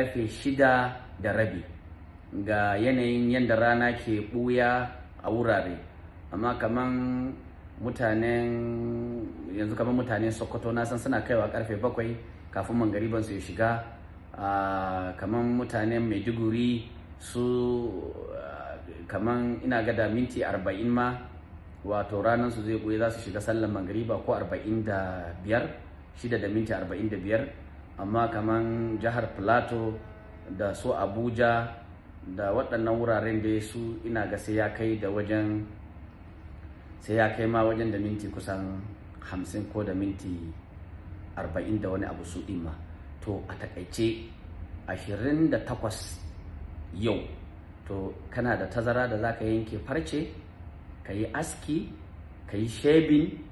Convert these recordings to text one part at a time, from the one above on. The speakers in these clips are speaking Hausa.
karfe shida da rabi ga yanayin yadda rana ke buya a wurare amma kaman mutanen yanzu kamar mutanen sokoto na san suna kaiwa karfe bakwai kafin mangariban su shiga kamar mutanen maiduguri su kamar ina gada minti arba'in ma wato ranar su zai buya za su shiga sallan mangariba ko arba'in da biyar shida da minti arba'in da biyar amma kaman jihar plato da su abuja da waɗannan wuraren da ya su ina ga sai ya kai da wajen sai ya kai ma wajen da minti kusan hamsin ko da minti arba'in da wani abu su ma to a takaice ashirin da yau to kana da tazara da za ka yanke farce ka yi aski ka yi shebin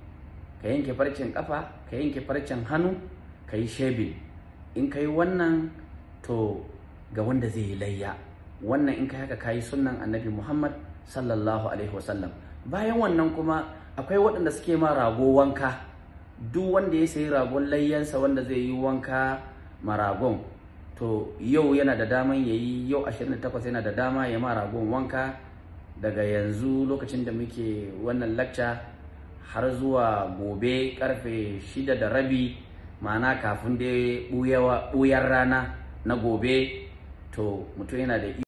ka yanke farcen kafa ka yanke farcen hannu ka yi shebin in ka yi wannan to ga wanda zai yi layya wannan in ka haka ka yi sunan annabi muhammad sallallahu alaihi wasallam bayan wannan kuma akwai waɗanda suke ma rago wanka duk wanda ya sayi ragon layyansa wanda zai yi wanka ma ragon to yau yana da daman ya yi yau 28 yana da dama ya ma ragon wanka daga yanzu lokacin da muke wannan lacca har zuwa gobe karfe shida da rabi ma'ana kafin dai ɓuyar rana na gobe to mutum yana da